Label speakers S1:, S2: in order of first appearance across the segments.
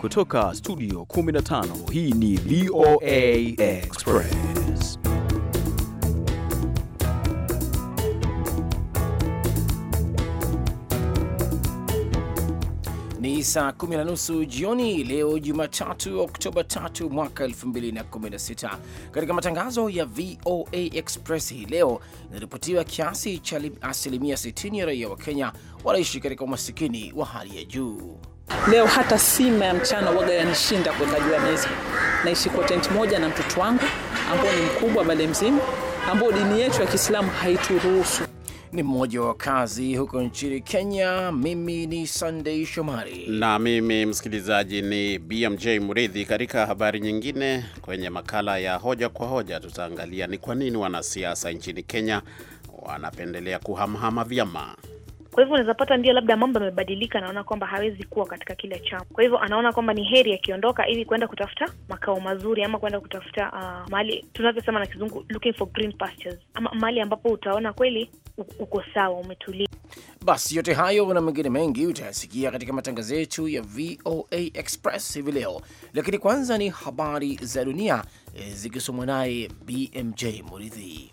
S1: Kutoka studio 15 hii ni VOA Express.
S2: Ni saa kumi na nusu jioni leo Jumatatu, Oktoba 3 mwaka 2016. Katika matangazo ya VOA Express hii leo, inaripotiwa kiasi cha asilimia 60 ya raia wa Kenya wanaishi katika umasikini wa hali ya juu. Leo hata sima ya mchana waga yanishinda kuweka juu ya meza. Naishi kwa tenti moja na mtoto wangu ambao ni mkubwa bale mzima, ambao dini yetu ya Kiislamu haituruhusu ni mmoja wa kazi huko nchini Kenya. Mimi ni Sunday Shomari
S3: na mimi msikilizaji ni BMJ Muridhi. Katika habari nyingine, kwenye makala ya hoja kwa hoja, tutaangalia ni kwa nini wanasiasa nchini Kenya wanapendelea kuhamahama vyama.
S4: Kwa hivyo unaweza pata ndio labda mambo yamebadilika, anaona kwamba hawezi kuwa katika kile chama, kwa hivyo anaona kwamba ni heri akiondoka ili kuenda kutafuta makao mazuri ama kuenda kutafuta uh, mahali tunavyosema na kizungu looking for green pastures, ama mahali ambapo utaona kweli uko sawa, umetulia.
S2: Basi yote hayo na mengine mengi utayasikia katika matangazo yetu ya VOA Express hivi leo, lakini kwanza ni habari za dunia eh, zikisomwa naye BMJ Muridhi.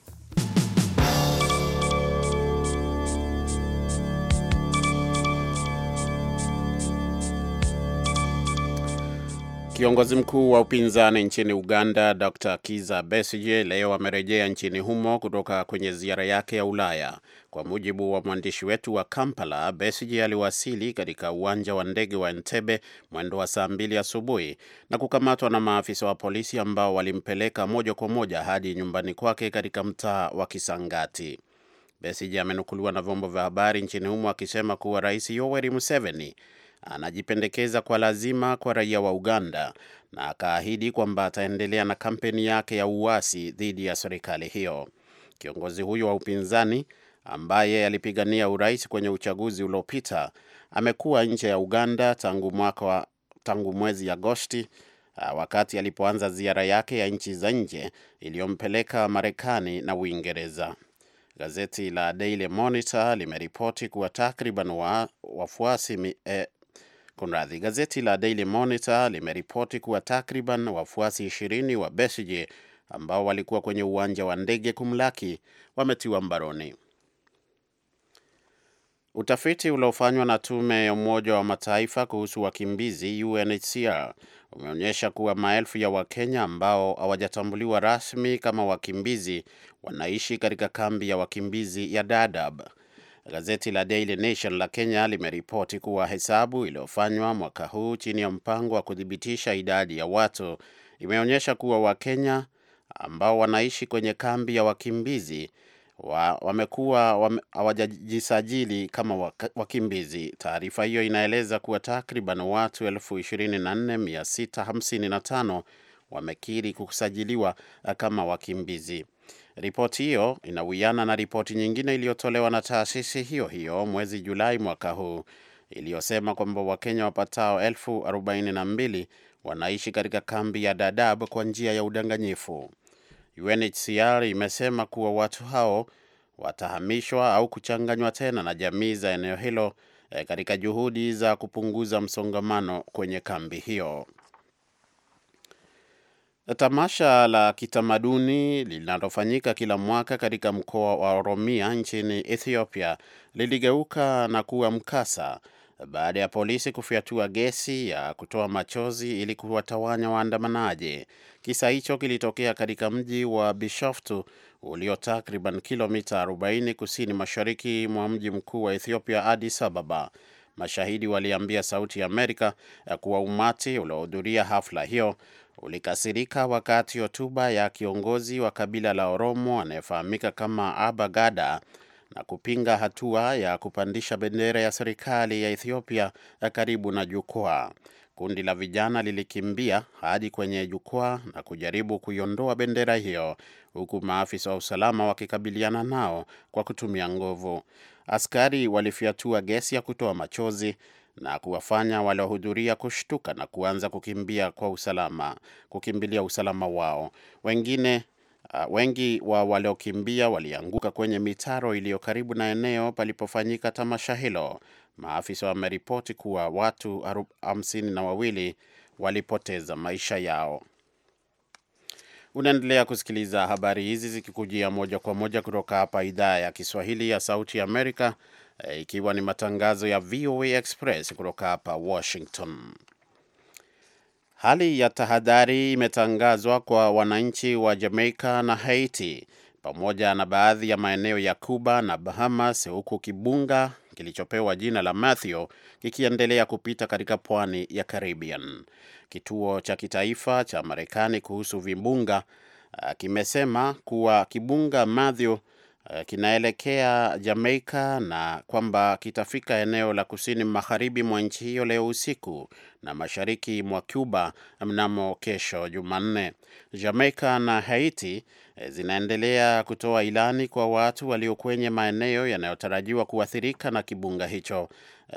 S3: Kiongozi mkuu wa upinzani nchini Uganda, Dr Kiza Besigye, leo amerejea nchini humo kutoka kwenye ziara yake ya Ulaya. Kwa mujibu wa mwandishi wetu wa Kampala, Besigye aliwasili katika uwanja wa ndege wa Entebbe mwendo wa saa mbili asubuhi na kukamatwa na maafisa wa polisi ambao walimpeleka moja kwa moja hadi nyumbani kwake katika mtaa wa Kisangati. Besigye amenukuliwa na vyombo vya habari nchini humo akisema kuwa Rais Yoweri Museveni anajipendekeza kwa lazima kwa raia wa Uganda na akaahidi kwamba ataendelea na kampeni yake ya uasi dhidi ya serikali hiyo. Kiongozi huyo wa upinzani ambaye alipigania urais kwenye uchaguzi uliopita amekuwa nje ya Uganda tangu mwaka wa, tangu mwezi Agosti ah, wakati alipoanza ziara yake ya nchi za nje iliyompeleka Marekani na Uingereza. Gazeti la Daily Monitor limeripoti kuwa takriban wafuasi wa, Kunradhi, gazeti la Daily Monitor limeripoti kuwa takriban wafuasi ishirini wa Besigye ambao walikuwa kwenye uwanja wa ndege kumlaki wametiwa mbaroni. Utafiti uliofanywa na tume ya Umoja wa Mataifa kuhusu wakimbizi UNHCR umeonyesha kuwa maelfu ya Wakenya ambao hawajatambuliwa rasmi kama wakimbizi wanaishi katika kambi ya wakimbizi ya Dadaab. Gazeti la Daily Nation la Kenya limeripoti kuwa hesabu iliyofanywa mwaka huu chini ya mpango wa kuthibitisha idadi ya watu imeonyesha kuwa Wakenya ambao wanaishi kwenye kambi ya wakimbizi wa, wamekuwa hawajajisajili wame, kama wakimbizi. Taarifa hiyo inaeleza kuwa takriban watu 24655 wamekiri kusajiliwa kama wakimbizi. Ripoti hiyo inawiana na ripoti nyingine iliyotolewa na taasisi hiyo hiyo mwezi Julai mwaka huu iliyosema kwamba Wakenya wapatao elfu arobaini na mbili wanaishi katika kambi ya Dadaab kwa njia ya udanganyifu. UNHCR imesema kuwa watu hao watahamishwa au kuchanganywa tena na jamii za eneo hilo eh, katika juhudi za kupunguza msongamano kwenye kambi hiyo. Tamasha la kitamaduni linalofanyika kila mwaka katika mkoa wa Oromia nchini Ethiopia liligeuka na kuwa mkasa baada ya polisi kufyatua gesi ya kutoa machozi ili kuwatawanya waandamanaji. Kisa hicho kilitokea katika mji wa Bishoftu ulio takriban kilomita 40 kusini mashariki mwa mji mkuu wa Ethiopia, Addis Ababa. Mashahidi waliambia Sauti ya Amerika kuwa umati uliohudhuria hafla hiyo ulikasirika wakati hotuba ya kiongozi wa kabila la Oromo anayefahamika kama Aba Gada na kupinga hatua ya kupandisha bendera ya serikali ya Ethiopia ya karibu na jukwaa. Kundi la vijana lilikimbia hadi kwenye jukwaa na kujaribu kuiondoa bendera hiyo, huku maafisa wa usalama wakikabiliana nao kwa kutumia nguvu. Askari walifyatua gesi ya kutoa machozi na kuwafanya waliohudhuria kushtuka na kuanza kukimbia kwa usalama, kukimbilia usalama wao. Wengine uh, wengi wa waliokimbia walianguka kwenye mitaro iliyo karibu na eneo palipofanyika tamasha hilo. Maafisa wameripoti kuwa watu hamsini na wawili walipoteza maisha yao. Unaendelea kusikiliza habari hizi zikikujia moja kwa moja kutoka hapa idhaa ya Kiswahili ya Sauti ya Amerika Eh, ikiwa ni matangazo ya VOA Express kutoka hapa Washington. Hali ya tahadhari imetangazwa kwa wananchi wa Jamaica na Haiti pamoja na baadhi ya maeneo ya Cuba na Bahamas, huku kibunga kilichopewa jina la Matthew kikiendelea kupita katika pwani ya Caribbean. Kituo cha kitaifa cha Marekani kuhusu vimbunga eh, kimesema kuwa kibunga Matthew Eh, kinaelekea jamaika na kwamba kitafika eneo la kusini magharibi mwa nchi hiyo leo usiku na mashariki mwa Cuba mnamo kesho Jumanne. jamaika na Haiti eh, zinaendelea kutoa ilani kwa watu walio kwenye maeneo yanayotarajiwa kuathirika na kibunga hicho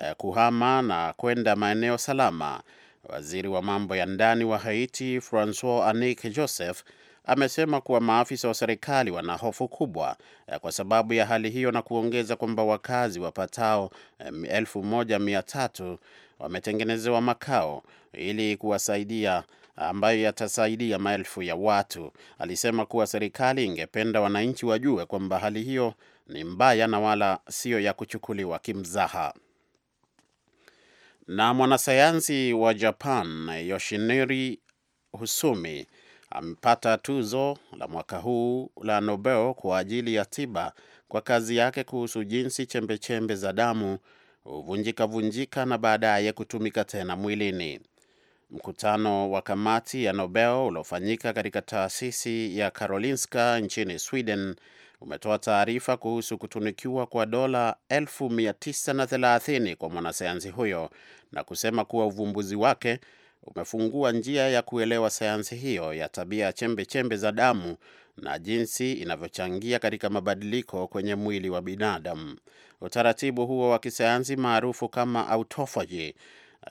S3: eh, kuhama na kwenda maeneo salama. Waziri wa mambo ya ndani wa Haiti Francois Anik Joseph amesema kuwa maafisa wa serikali wana hofu kubwa eh, kwa sababu ya hali hiyo na kuongeza kwamba wakazi wapatao 13 eh, wametengenezewa makao ili kuwasaidia ambayo yatasaidia maelfu ya watu. Alisema kuwa serikali ingependa wananchi wajue kwamba hali hiyo ni mbaya na wala siyo ya kuchukuliwa kimzaha. Na mwanasayansi wa Japan Yoshinori Husumi amepata tuzo la mwaka huu la Nobel kwa ajili ya tiba kwa kazi yake kuhusu jinsi chembechembe za damu huvunjika vunjika na baadaye kutumika tena mwilini. Mkutano wa kamati ya Nobel uliofanyika katika taasisi ya Karolinska nchini Sweden umetoa taarifa kuhusu kutunikiwa kwa dola 930 kwa mwanasayansi huyo na kusema kuwa uvumbuzi wake umefungua njia ya kuelewa sayansi hiyo ya tabia ya chembe chembe za damu na jinsi inavyochangia katika mabadiliko kwenye mwili wa binadamu. Utaratibu huo wa kisayansi maarufu kama autofagy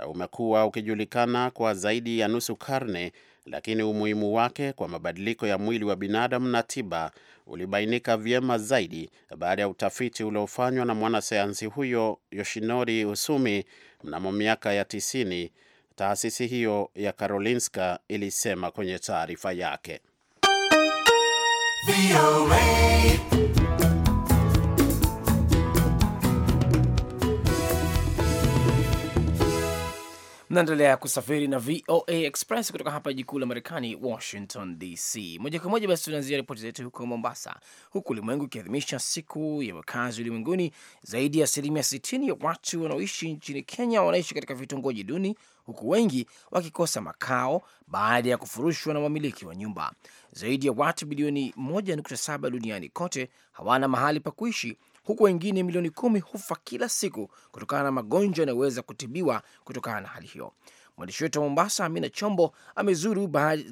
S3: uh, umekuwa ukijulikana kwa zaidi ya nusu karne, lakini umuhimu wake kwa mabadiliko ya mwili wa binadamu na tiba ulibainika vyema zaidi baada ya utafiti uliofanywa na mwanasayansi huyo Yoshinori Usumi mnamo miaka ya tisini taasisi hiyo ya Karolinska ilisema kwenye taarifa yake.
S2: Mnaendelea kusafiri na VOA Express kutoka hapa jiji kuu la Marekani, Washington DC. Moja kwa moja basi tunaanzia ripoti zetu huko Mombasa, huku ulimwengu ikiadhimisha siku ya wakazi ulimwenguni. Zaidi ya asilimia 60 ya watu wanaoishi nchini Kenya wanaishi katika vitongoji duni, huku wengi wakikosa makao baada ya kufurushwa na wamiliki wa nyumba. Zaidi ya watu bilioni 1.7 duniani kote hawana mahali pa kuishi, huku wengine milioni kumi hufa kila siku kutokana na magonjwa yanayoweza kutibiwa kutokana na hali hiyo. Mwandishi wetu wa Mombasa, Amina Chombo, amezuru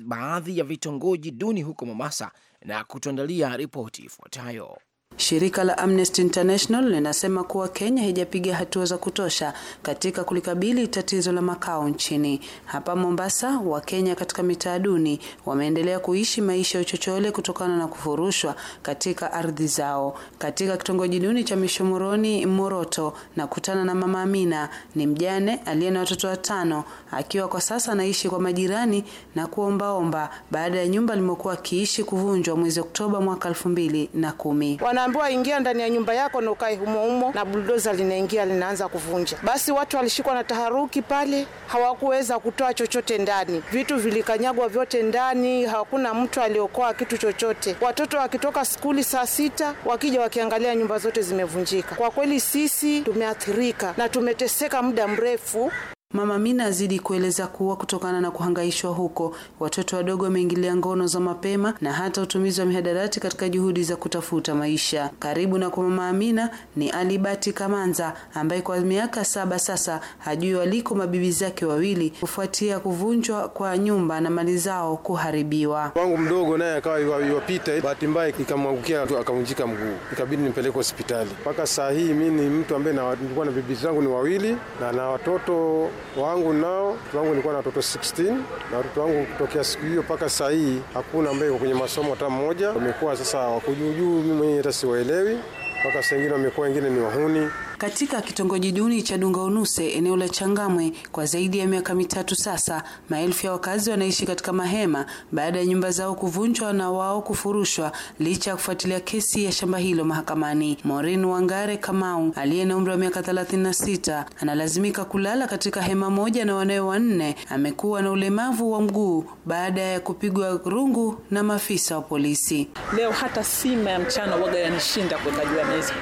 S2: baadhi ya vitongoji duni huko Mombasa na kutuandalia ripoti ifuatayo.
S5: Shirika la Amnesty International linasema kuwa Kenya haijapiga hatua za kutosha katika kulikabili tatizo la makao nchini. Hapa Mombasa, Wakenya katika mitaa duni wameendelea kuishi maisha ya uchochole kutokana na kufurushwa katika ardhi zao. Katika kitongoji duni cha Mishomoroni, Moroto, na kutana na Mama Amina, ni mjane aliye na watoto watano, akiwa kwa sasa anaishi kwa majirani na kuombaomba baada ya nyumba alimokuwa akiishi kuvunjwa mwezi Oktoba mwaka elfu mbili na kumi unaambiwa ingia ndani ya nyumba yako na ukae humo humo, na buldoza linaingia linaanza kuvunja. Basi watu walishikwa na taharuki pale, hawakuweza kutoa chochote ndani, vitu vilikanyagwa vyote ndani, hakuna mtu aliokoa kitu chochote. Watoto wakitoka skuli saa sita wakija wakiangalia nyumba zote zimevunjika. Kwa kweli sisi tumeathirika na tumeteseka muda mrefu. Mama Mina azidi kueleza kuwa kutokana na kuhangaishwa huko, watoto wadogo wameingilia ngono za mapema na hata utumizi wa mihadarati katika juhudi za kutafuta maisha. Karibu na kwa Mama Amina ni Alibati Kamanza ambaye kwa miaka saba sasa hajui waliko mabibi zake wawili kufuatia kuvunjwa kwa nyumba na mali zao
S3: kuharibiwa. Wangu mdogo naye akawa iwapita, bahati mbaya ikamwangukia akavunjika mguu, ikabidi nimpeleke hospitali. Mpaka saa hii mi ni mtu ambaye nilikuwa na bibi zangu ni wawili na na watoto wangu nao watoto wangu nilikuwa na watoto 16 na watoto wangu kutokea siku hiyo mpaka saa hii hakuna ambaye iko kwenye masomo hata mmoja. Wamekuwa sasa wakujuujuu, mimi mwenyewe hata siwaelewi
S5: mpaka saa ingine wamekuwa wengine ni wahuni katika kitongoji duni cha Dunga Unuse eneo la Changamwe. Kwa zaidi ya miaka mitatu sasa, maelfu ya wakazi wanaishi katika mahema baada ya nyumba zao kuvunjwa na wao kufurushwa, licha ya kufuatilia kesi ya shamba hilo mahakamani. Maureen Wangare Kamau aliye na umri wa miaka 36 analazimika kulala katika hema moja na wanawe wanne. Amekuwa na ulemavu wa mguu baada ya kupigwa rungu na maafisa wa polisi. Leo hata sima ya mchana waga yanishinda kuweka juu ya meza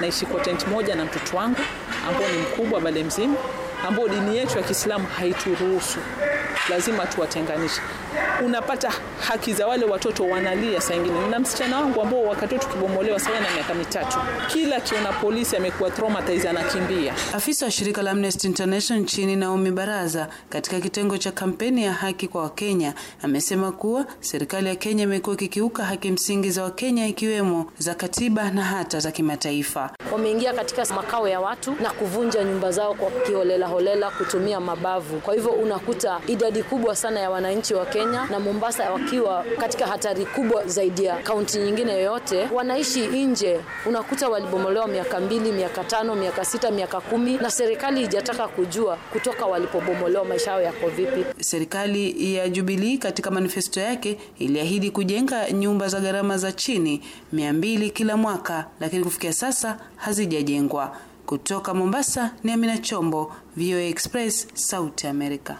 S5: naishi kwa tenti moja na mtoto wangu ambao ni mkubwa bale mzima, ambao dini yetu ya Kiislamu haituruhusu lazima tuwatenganishe. Unapata haki za wale watoto wanalia, saa ingine na msichana wangu ambao wakati kibomolewa sawa na miaka mitatu, kila kiona polisi amekuwa traumatized anakimbia. Afisa wa shirika la Amnesty International nchini Naomi Baraza katika kitengo cha kampeni ya haki kwa Wakenya amesema kuwa serikali ya Kenya imekuwa ikikiuka haki msingi za Wakenya ikiwemo za katiba na hata za kimataifa.
S6: Wameingia katika makao ya watu na kuvunja nyumba zao kwa kiholelaholela kutumia mabavu. Kwa hivyo unakuta idadi idadi kubwa sana ya wananchi wa Kenya na Mombasa wakiwa katika hatari kubwa zaidi ya kaunti nyingine yoyote. Wanaishi nje, unakuta walibomolewa miaka mbili, miaka tano, miaka sita, miaka kumi, na serikali ijataka kujua kutoka walipobomolewa maisha yao yako vipi.
S5: Serikali ya jubilii katika manifesto yake iliahidi kujenga nyumba za gharama za chini mia mbili kila mwaka, lakini kufikia sasa hazijajengwa. Kutoka Mombasa ni Amina Chombo, VOA
S2: Express, Sauti America.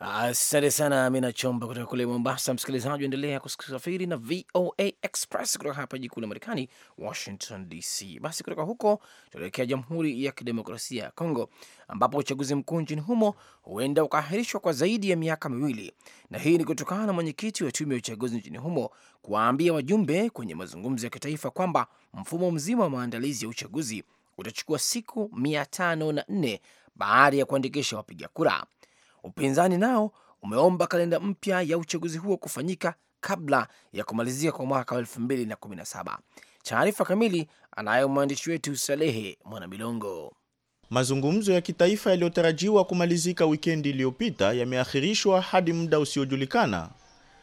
S2: Asante sana Amina Chomba kutoka kule Mombasa. Msikilizaji, endelea kusafiri na VOA Express kutoka hapa jiji kuu la Marekani, Washington DC. Basi kutoka huko tuelekea Jamhuri ya Kidemokrasia ya Kongo, ambapo uchaguzi mkuu nchini humo huenda ukaahirishwa kwa zaidi ya miaka miwili, na hii ni kutokana na mwenyekiti wa tume ya uchaguzi nchini humo kuwaambia wajumbe kwenye mazungumzo ya kitaifa kwamba mfumo mzima wa maandalizi ya uchaguzi utachukua siku mia tano na nne baada ya kuandikisha wapiga kura. Upinzani nao umeomba kalenda mpya ya uchaguzi huo kufanyika kabla ya kumalizika kwa mwaka wa 2017. Taarifa kamili
S7: anayo mwandishi wetu Salehe Mwanamilongo. Mazungumzo ya kitaifa yaliyotarajiwa kumalizika wikendi iliyopita yameahirishwa hadi muda usiojulikana.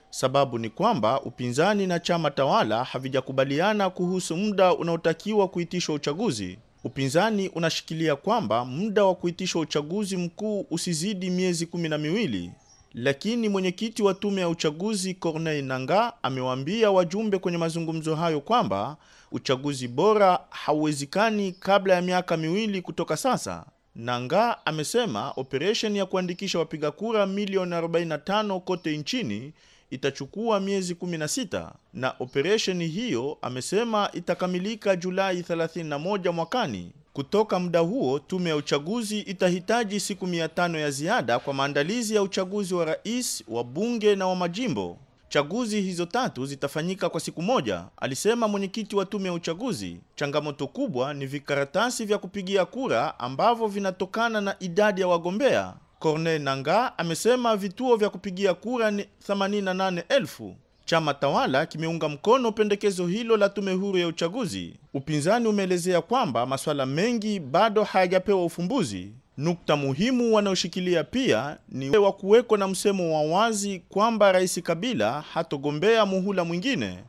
S7: Sababu ni kwamba upinzani na chama tawala havijakubaliana kuhusu muda unaotakiwa kuitishwa uchaguzi. Upinzani unashikilia kwamba muda wa kuitishwa uchaguzi mkuu usizidi miezi kumi na miwili, lakini mwenyekiti wa tume ya uchaguzi Corneille Nangaa amewaambia wajumbe kwenye mazungumzo hayo kwamba uchaguzi bora hauwezekani kabla ya miaka miwili kutoka sasa. Nangaa amesema operesheni ya kuandikisha wapiga kura milioni 45 kote nchini itachukua miezi 16 na operesheni hiyo amesema itakamilika Julai 31 mwakani. Kutoka muda huo, tume ya uchaguzi itahitaji siku 500 ya ziada kwa maandalizi ya uchaguzi wa rais, wa bunge na wa majimbo. Chaguzi hizo tatu zitafanyika kwa siku moja, alisema mwenyekiti wa tume ya uchaguzi. Changamoto kubwa ni vikaratasi vya kupigia kura ambavyo vinatokana na idadi ya wagombea. Corneille nanga amesema vituo vya kupigia kura ni 88,000. Chama tawala kimeunga mkono pendekezo hilo la tume huru ya uchaguzi. Upinzani umeelezea kwamba masuala mengi bado hayajapewa ufumbuzi. Nukta muhimu wanaoshikilia pia ni wa kuweko na msemo wa wazi kwamba Rais Kabila hatogombea muhula mwingine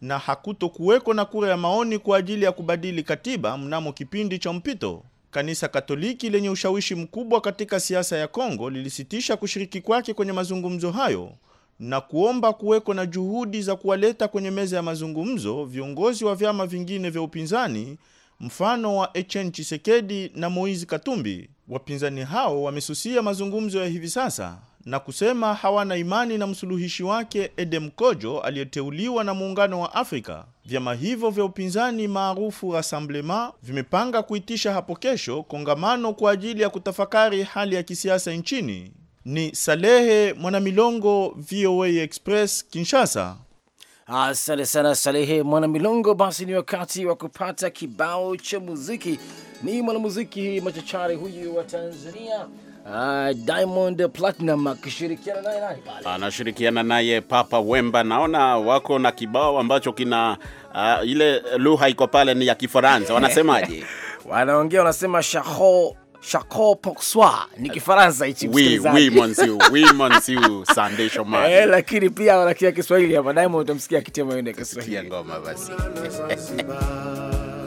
S7: na hakutokuweko na kura ya maoni kwa ajili ya kubadili katiba mnamo kipindi cha mpito. Kanisa Katoliki lenye ushawishi mkubwa katika siasa ya Kongo lilisitisha kushiriki kwake kwenye mazungumzo hayo na kuomba kuweko na juhudi za kuwaleta kwenye meza ya mazungumzo viongozi wa vyama vingine vya upinzani mfano wa HN chisekedi na moizi Katumbi. Wapinzani hao wamesusia mazungumzo ya hivi sasa na kusema hawana imani na msuluhishi wake Edem Kojo aliyeteuliwa na Muungano wa Afrika. Vyama hivyo vya upinzani maarufu Rassemblement vimepanga kuitisha hapo kesho kongamano kwa ajili ya kutafakari hali ya kisiasa nchini. Ni Salehe Mwanamilongo, VOA Express, Kinshasa.
S2: Asante sana Salehe Mwanamilongo. Basi ni wakati wa kupata kibao cha muziki. Ni mwanamuziki machachari huyu wa Tanzania Ah, Diamond Platinum akishirikiana naye nani pale?
S3: Anashirikiana naye Papa Wemba. Naona wako na kibao ambacho kina uh, ile lugha iko pale ni ya Kifaransa. Wanasemaje?
S2: Wanaongea wanasema shaho Shako Pokswa ni Kifaransa hichi msikilizaji.
S3: Sunday Shomari. Eh,
S2: lakini pia wanakia Kiswahili hapa Diamond utamsikia akitia maneno ya Kiswahili. Ngoma basi.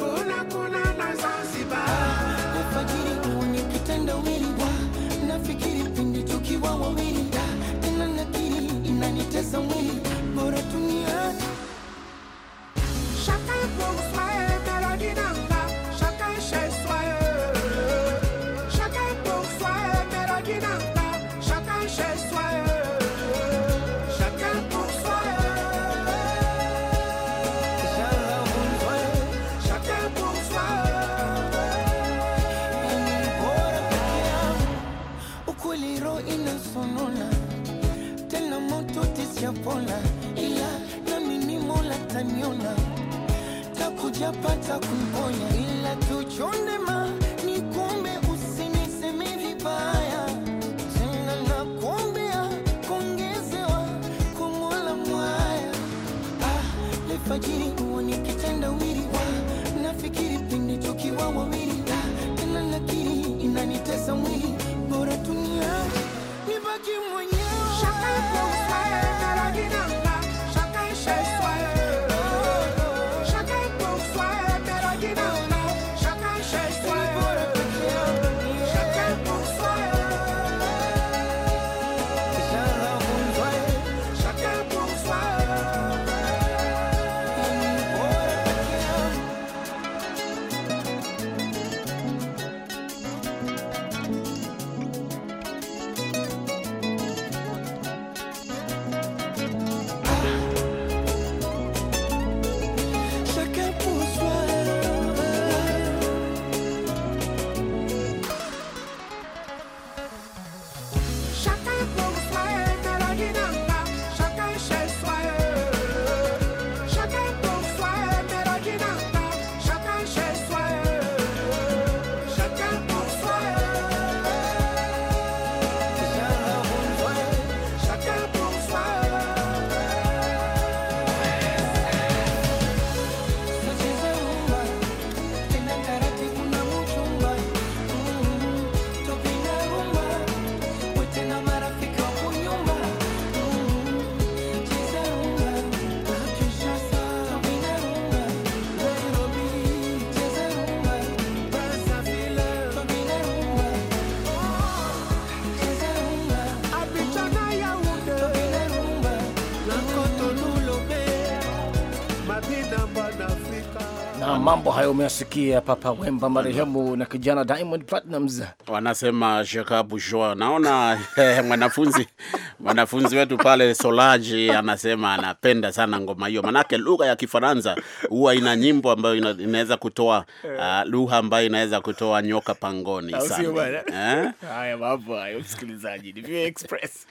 S2: mambo hayo umeasikia Papa Wemba marehemu na kijana Diamond Platnumz
S3: wanasema shekabu shua. Naona eh, mwanafunzi mwanafunzi wetu pale Solaji anasema anapenda sana ngoma hiyo, manake lugha ya Kifaransa huwa ina nyimbo ambayo inaweza kutoa uh, lugha ambayo inaweza kutoa nyoka pangoni ah, sana. Eh?
S2: Haya mambo hayo, msikilizaji, ni Express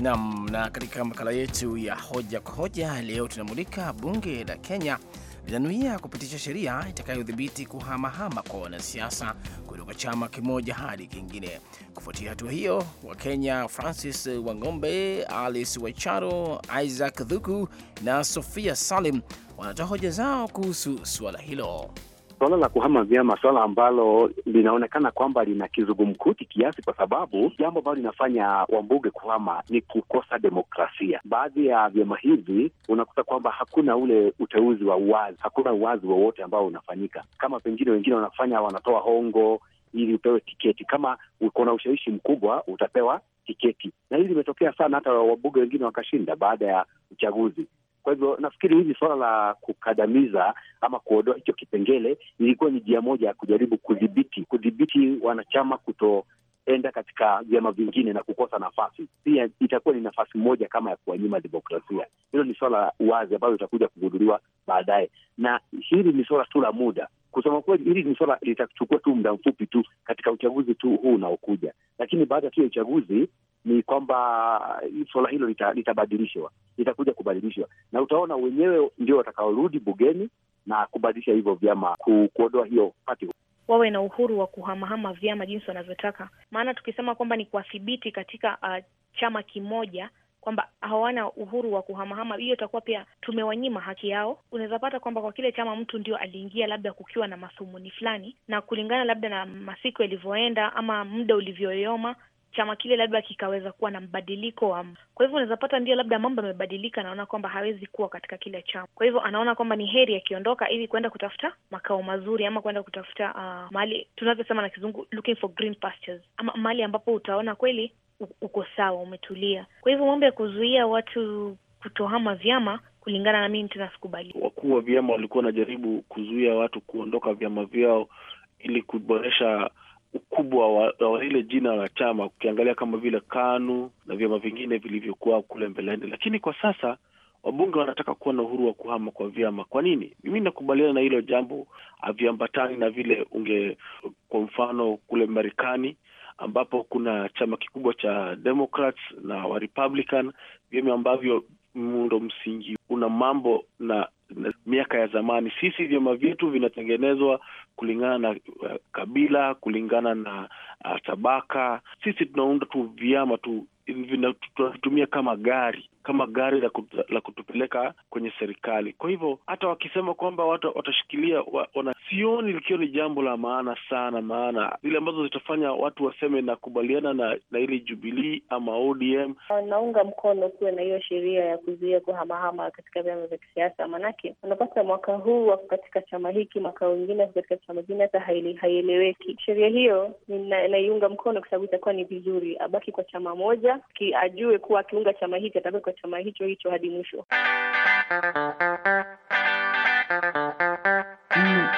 S2: Nam na, katika makala yetu ya hoja kwa hoja leo tunamulika bunge la Kenya linanuia kupitisha sheria itakayodhibiti kuhamahama kwa wanasiasa kutoka chama kimoja hadi kingine. Kufuatia hatua hiyo, Wakenya Francis Wang'ombe, Alice Wacharo, Isaac Dhuku na Sofia Salim wanatoa hoja zao kuhusu suala hilo.
S8: Suala la kuhama vyama, suala ambalo linaonekana kwamba lina kizungumkuti kiasi, kwa sababu jambo ambalo linafanya wambunge kuhama ni kukosa demokrasia. Baadhi ya vyama hivi unakuta kwamba hakuna ule uteuzi wa uwazi, hakuna uwazi wowote ambao unafanyika, kama pengine wengine wanafanya wanatoa hongo ili upewe tiketi. Kama uko na ushawishi mkubwa, utapewa tiketi, na hili limetokea sana, hata wabunge wengine wakashinda baada ya uchaguzi. Kwa hivyo nafikiri hili suala la kukadamiza ama kuondoa hicho kipengele ilikuwa ni njia moja ya kujaribu kudhibiti kudhibiti wanachama kutoenda katika vyama vingine na kukosa nafasi. Pia itakuwa ni nafasi moja kama ya kuwanyima demokrasia. Hilo ni suala wazi ambalo litakuja kugunduliwa baadaye, na hili ni suala tu la muda. Kusema kweli, hili ni suala litachukua tu muda mfupi tu katika uchaguzi tu huu unaokuja, lakini baada tu ya uchaguzi ni kwamba suala hilo litabadilishwa, litakuja kubadilishwa, na utaona wenyewe ndio watakaorudi bugeni na kubadilisha hivyo vyama, kuondoa hiyo pati
S4: wawe na uhuru wa kuhamahama vyama jinsi wanavyotaka. Maana tukisema kwamba ni kuwathibiti katika uh, chama kimoja kwamba hawana uhuru wa kuhamahama, hiyo itakuwa pia tumewanyima haki yao. unawezapata kwamba kwa kile chama mtu ndio aliingia labda kukiwa na mathumuni fulani, na kulingana labda na masiku yalivyoenda ama muda ulivyoyoma, chama kile labda kikaweza kuwa na mbadiliko wa. Kwa hivyo unaweza pata ndio labda mambo yamebadilika, anaona kwamba hawezi kuwa katika kile chama, kwa hivyo anaona kwamba ni heri akiondoka ili kuenda kutafuta makao mazuri ama kuenda kutafuta uh, mahali tunavyosema na kizungu looking for green pastures, ama mahali ambapo utaona kweli uko sawa, umetulia. Kwa hivyo mambo ya kuzuia watu kutohama vyama kulingana na mimi tena
S9: sikubali. Wakuu wa vyama walikuwa wanajaribu kuzuia watu kuondoka vyama vyao ili kuboresha ukubwa wa, wa ile jina la chama, ukiangalia kama vile KANU na vyama vingine vilivyokuwa kule mbeleni, lakini kwa sasa wabunge wanataka kuwa na uhuru wa kuhama kwa vyama. Kwa nini? Mimi nakubaliana na hilo jambo, haviambatani na vile unge, kwa mfano kule Marekani ambapo kuna chama kikubwa cha Democrats na wa Republican, vyama ambavyo muundo msingi una mambo na miaka ya zamani. Sisi vyama vyetu vinatengenezwa kulingana na uh, kabila, kulingana na uh, tabaka. Sisi tunaunda tu vyama tu tunavitumia kama gari kama gari la, kut, la kutupeleka kwenye serikali. Kwa hivyo hata wakisema kwamba watu watashikilia wa, wana, sioni likiwa ni jambo la maana sana, maana zile ambazo zitafanya watu waseme nakubaliana na, na ile Jubilii ama ODM.
S4: Naunga mkono kuwe na hiyo sheria ya kuzuia kuhamahama katika vyama vya kisiasa, maanake unapata mwaka huu wako katika chama hiki, mwaka wengine wako katika chama kingine, hata haieleweki. Sheria hiyo naiunga mkono kwa sababu itakuwa ni vizuri abaki kwa chama moja, ajue kuwa akiunga chama hiki atabaki kwa chama hicho hicho hadi mwisho. Mm.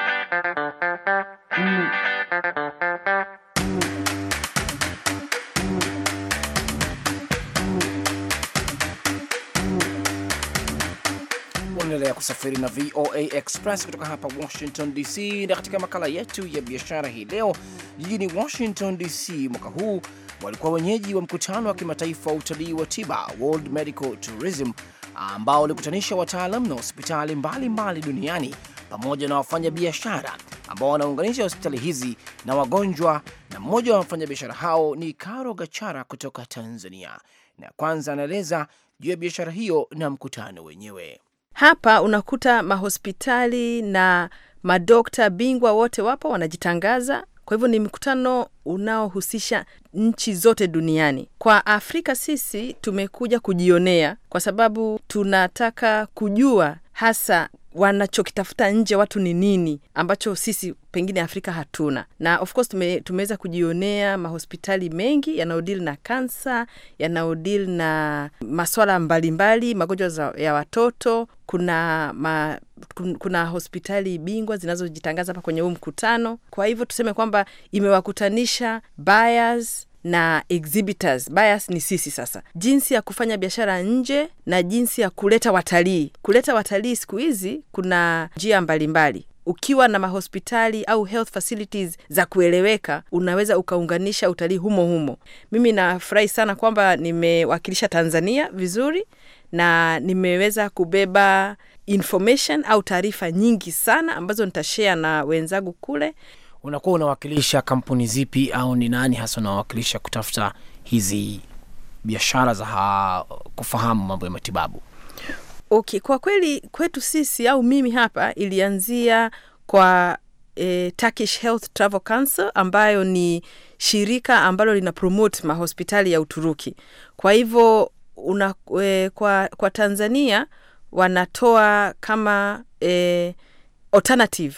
S2: Unaendelea kusafiri na VOA Express kutoka hapa Washington DC, na katika makala yetu ya biashara hii leo jijini Washington DC mwaka huu walikuwa wenyeji wa mkutano wa kimataifa wa utalii wa tiba World Medical Tourism ambao walikutanisha wataalamu na hospitali mbalimbali duniani pamoja na wafanyabiashara ambao wanaunganisha hospitali hizi na wagonjwa. Na mmoja wa wafanyabiashara hao ni Karo Gachara kutoka Tanzania, na kwanza anaeleza juu ya biashara hiyo na mkutano wenyewe. Hapa
S6: unakuta mahospitali na madokta bingwa wote wapo wanajitangaza, kwa hivyo ni mkutano unaohusisha nchi zote duniani. Kwa Afrika sisi tumekuja kujionea, kwa sababu tunataka kujua hasa wanachokitafuta nje watu ni nini ambacho sisi pengine Afrika hatuna, na of course tume, tumeweza kujionea mahospitali mengi yanayodili na kansa, yanayodili na maswala mbalimbali, magonjwa ya watoto. Kuna ma kuna hospitali bingwa zinazojitangaza hapa kwenye huu mkutano. Kwa hivyo tuseme kwamba imewakutanisha buyers na exhibitors. Buyers ni sisi sasa, jinsi ya kufanya biashara nje na jinsi ya kuleta watalii. Kuleta watalii siku hizi kuna njia mbalimbali ukiwa na mahospitali au health facilities za kueleweka, unaweza ukaunganisha utalii humo humo. Mimi nafurahi sana kwamba nimewakilisha Tanzania vizuri na nimeweza kubeba information au taarifa nyingi sana ambazo nitashare na wenzangu kule. Unakuwa unawakilisha
S2: kampuni zipi au ni nani hasa unawakilisha kutafuta hizi biashara za ha, kufahamu mambo ya matibabu?
S6: Okay, kwa kweli kwetu sisi au mimi hapa ilianzia kwa eh, Turkish Health Travel Council ambayo ni shirika ambalo lina promote mahospitali ya Uturuki. Kwa hivyo una, eh, kwa, kwa Tanzania wanatoa kama e, alternative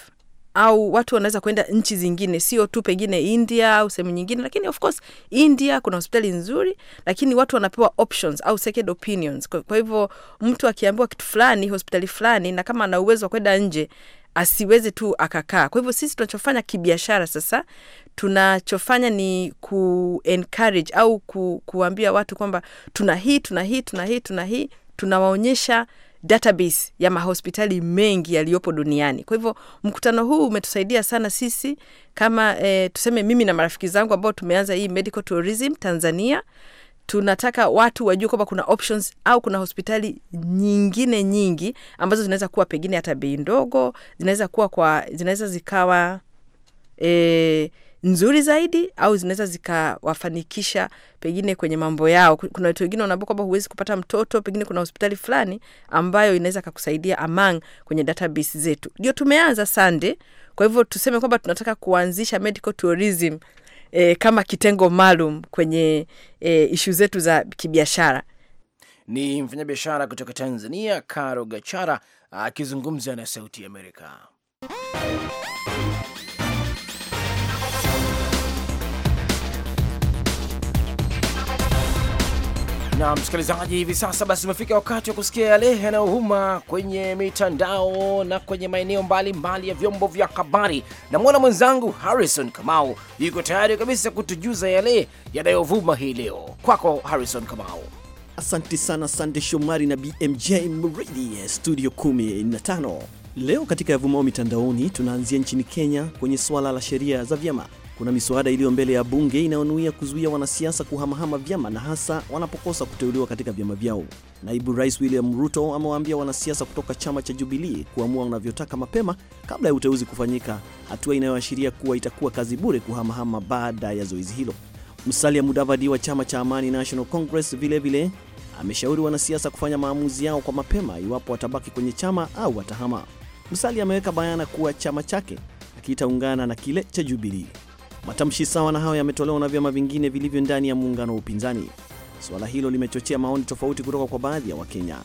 S6: au watu wanaweza kwenda nchi zingine, sio tu pengine India au sehemu nyingine. Lakini of course India kuna hospitali nzuri, lakini watu wanapewa options au second opinions. Kwa, kwa hivyo mtu akiambiwa kitu fulani hospitali fulani, na kama ana uwezo wa kwenda nje asiweze tu akakaa. Kwa hivyo sisi tunachofanya kibiashara sasa, tunachofanya ni ku encourage au ku, kuambia watu kwamba tuna hii tuna hii tuna hii tuna hii, tunawaonyesha database ya mahospitali mengi yaliyopo duniani. Kwa hivyo mkutano huu umetusaidia sana sisi kama e, tuseme mimi na marafiki zangu ambao tumeanza hii medical tourism Tanzania tunataka watu wajue kwamba kuna options au kuna hospitali nyingine nyingi ambazo zinaweza kuwa pengine hata bei ndogo, zinaweza kuwa kwa, zinaweza zikawa e, nzuri zaidi au zinaweza zikawafanikisha pengine kwenye mambo yao. Kuna watu wengine wanaambia kwamba huwezi kupata mtoto, pengine kuna hospitali fulani ambayo inaweza kakusaidia among kwenye database zetu. Ndio tumeanza Sande, kwa hivyo tuseme kwamba tunataka kuanzisha medical tourism e, kama kitengo maalum kwenye e, eh, ishu zetu za
S2: kibiashara. Ni mfanyabiashara kutoka Tanzania Karo Gachara akizungumza na Sauti Amerika. na msikilizaji, hivi sasa basi umefika wakati wa kusikia yale yanayovuma kwenye mitandao na kwenye maeneo mbalimbali ya vyombo vya habari. Namwona mwenzangu Harrison Kamau
S1: yuko tayari kabisa kutujuza yale yanayovuma hii leo. Kwako Harrison Kamau. Asante sana Sande Shomari na BMJ Mridhi, eh, studio 15. Leo katika yavumao mitandaoni tunaanzia nchini Kenya kwenye suala la sheria za vyama kuna miswada iliyo mbele ya bunge inayonuia kuzuia wanasiasa kuhamahama vyama na hasa wanapokosa kuteuliwa katika vyama vyao. Naibu Rais William Ruto amewaambia wanasiasa kutoka chama cha Jubilee kuamua wanavyotaka mapema kabla ya uteuzi kufanyika, hatua inayoashiria kuwa itakuwa kazi bure kuhamahama baada ya zoezi hilo. Musalia Mudavadi wa chama cha Amani National Congress vilevile vile, ameshauri wanasiasa kufanya maamuzi yao kwa mapema iwapo watabaki kwenye chama au watahama. Musalia ameweka bayana kuwa chama chake akitaungana na kile cha Jubilee. Matamshi sawa na hayo yametolewa na vyama vingine vilivyo ndani ya muungano wa upinzani. Suala hilo limechochea maoni tofauti kutoka kwa baadhi ya Wakenya.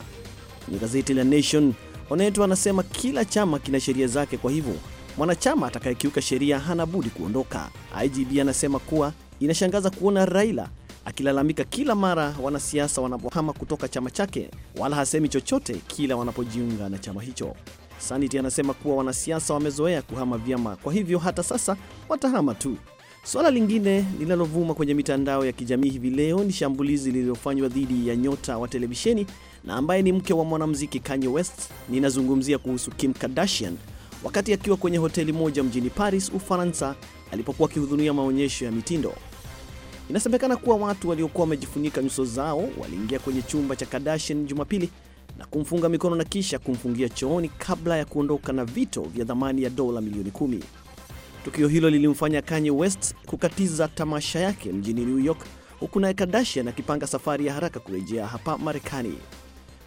S1: Kwenye gazeti la Nation, Oneto anasema kila chama kina sheria zake, kwa hivyo mwanachama atakayekiuka sheria hana budi kuondoka. IGB anasema kuwa inashangaza kuona Raila akilalamika kila mara wanasiasa wanapohama kutoka chama chake, wala hasemi chochote kila wanapojiunga na chama hicho. Sanity anasema kuwa wanasiasa wamezoea kuhama vyama, kwa hivyo hata sasa watahama tu. Suala lingine linalovuma kwenye mitandao ya kijamii hivi leo ni shambulizi lililofanywa dhidi ya nyota wa televisheni na ambaye ni mke wa mwanamuziki Kanye West. Ninazungumzia kuhusu Kim Kardashian wakati akiwa kwenye hoteli moja mjini Paris, Ufaransa, alipokuwa akihudhuria maonyesho ya mitindo. Inasemekana kuwa watu waliokuwa wamejifunika nyuso zao waliingia kwenye chumba cha Kardashian Jumapili na kumfunga mikono na kisha kumfungia chooni kabla ya kuondoka na vito vya thamani ya dola milioni kumi. Tukio hilo lilimfanya Kanye West kukatiza tamasha yake mjini New York, huku naye Kardashian akipanga safari ya haraka kurejea hapa Marekani.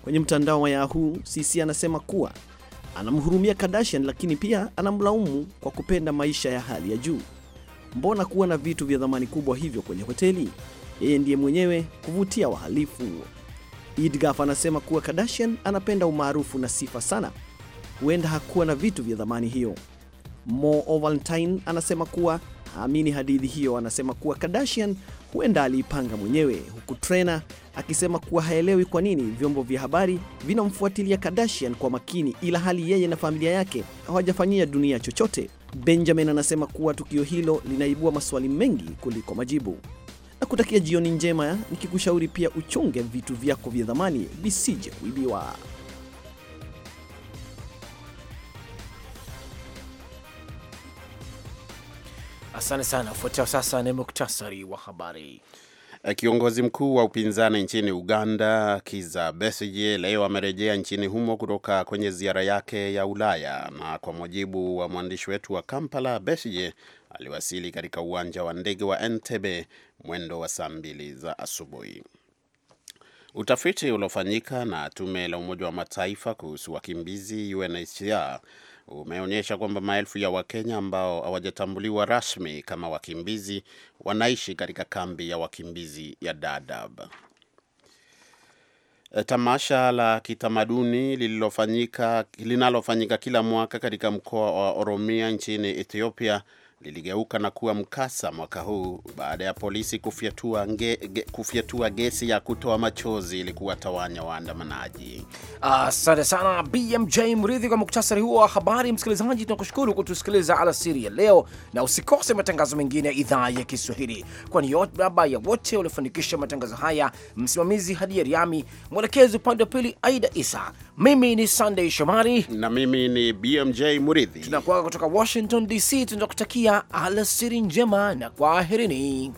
S1: Kwenye mtandao wa Yahoo, CC anasema kuwa anamhurumia Kardashian, lakini pia anamlaumu kwa kupenda maisha ya hali ya juu. Mbona kuwa na vitu vya thamani kubwa hivyo kwenye hoteli? Yeye ndiye mwenyewe kuvutia wahalifu. Idgaf anasema kuwa Kardashian anapenda umaarufu na sifa sana, huenda hakuwa na vitu vya dhamani hiyo. Mo Ovaltine anasema kuwa haamini hadithi hiyo, anasema kuwa Kardashian huenda aliipanga mwenyewe, huku Trena akisema kuwa haelewi kwa nini vyombo vya habari vinamfuatilia Kardashian kwa makini, ila hali yeye na familia yake hawajafanyia dunia chochote. Benjamin anasema kuwa tukio hilo linaibua maswali mengi kuliko majibu na kutakia jioni njema, nikikushauri pia uchunge vitu vyako vya dhamani visije kuibiwa.
S2: Asante sana. Ufuatao sasa ni muktasari wa habari.
S3: Eh, kiongozi mkuu wa upinzani nchini Uganda Kiza Besigye leo amerejea nchini humo kutoka kwenye ziara yake ya Ulaya, na kwa mujibu wa mwandishi wetu wa Kampala, Besigye aliwasili katika uwanja wa ndege wa Entebbe mwendo wa saa mbili za asubuhi. Utafiti uliofanyika na tume la Umoja wa Mataifa kuhusu wakimbizi UNHCR umeonyesha kwamba maelfu ya Wakenya ambao hawajatambuliwa rasmi kama wakimbizi wanaishi katika kambi ya wakimbizi ya Dadaab. Eh, tamasha la kitamaduni linalofanyika kila mwaka katika mkoa wa Oromia nchini Ethiopia liligeuka na kuwa mkasa mwaka huu baada ya polisi kufyatua, nge, ge, kufyatua gesi ya kutoa machozi ili kuwatawanya waandamanaji. Asante sana BMJ Mridhi kwa
S2: muktasari huo wa habari. Msikilizaji, tunakushukuru kutusikiliza alasiri ya leo, na usikose matangazo mengine ya idhaa ya Kiswahili. Kwa niaba ya wote waliofanikisha matangazo haya, msimamizi Hadia Riami, mwelekezi upande wa pili Aida Isa, mimi ni Sunday
S3: Shomari na mimi ni BMJ Mridhi, tunakuaga kutoka Washington DC, tunakutakia nawatakia alasiri
S2: njema na kwaherini.